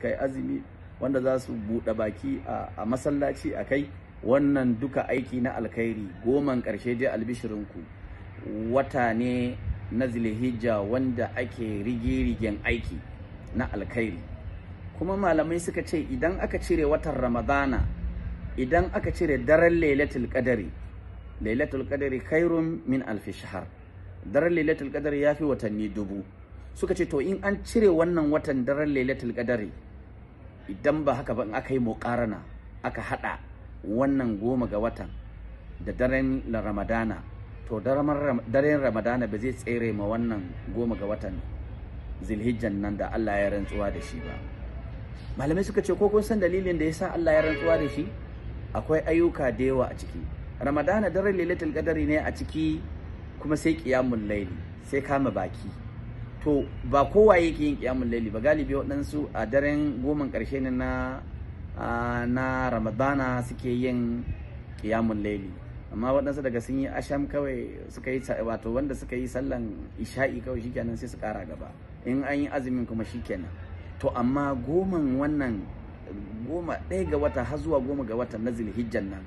kai azumi wanda za su buɗe baki a masallaci a kai wannan duka aiki na alkhairi goman ƙarshe dai albishirinku wata ne na zilhijja wanda ake rige-rigen aiki na alkhairi kuma malamai suka ce idan aka cire watan ramadana idan aka cire daren lailatul qadari lailatul qadari khairun min alf shahr daren lailatul qadari yafi watanni dubu suka ce to in an cire wannan watan daren lailatul qadari idan ba haka ba in aka yi muƙarana aka haɗa wannan goma ga watan da daren ramadana to daren ramadana ba zai tsere ma wannan goma ga watan zilhijjan nan da allah ya rantsuwa da shi ba malamai suka ce ko kun san dalilin da ya sa allah ya rantsuwa da shi akwai ayyuka da yawa a ciki ramadana daren lailatul qadari ne a ciki kuma sai qiyamul laili sai kama baki to ba kowa yake yin kiyamun laili ba galibi waɗansu a daren goma ƙarshe ne na na ramadana suke yin kiyamun laili amma waɗansu daga sun yi asham kawai suka yi wato wanda suka yi sallan isha'i kawai shikenan sai su ƙara gaba in an yi azumin kuma shikenan to amma goman wannan goma ɗaya ga wata har zuwa goma ga wata na zulhijjan nan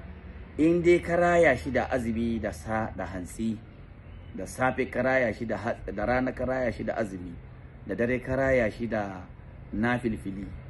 in dai ka raya shi da azumi da sa da hantsi da safe karaya shi da rana karaya shi da azumi da dare karaya shi da filfili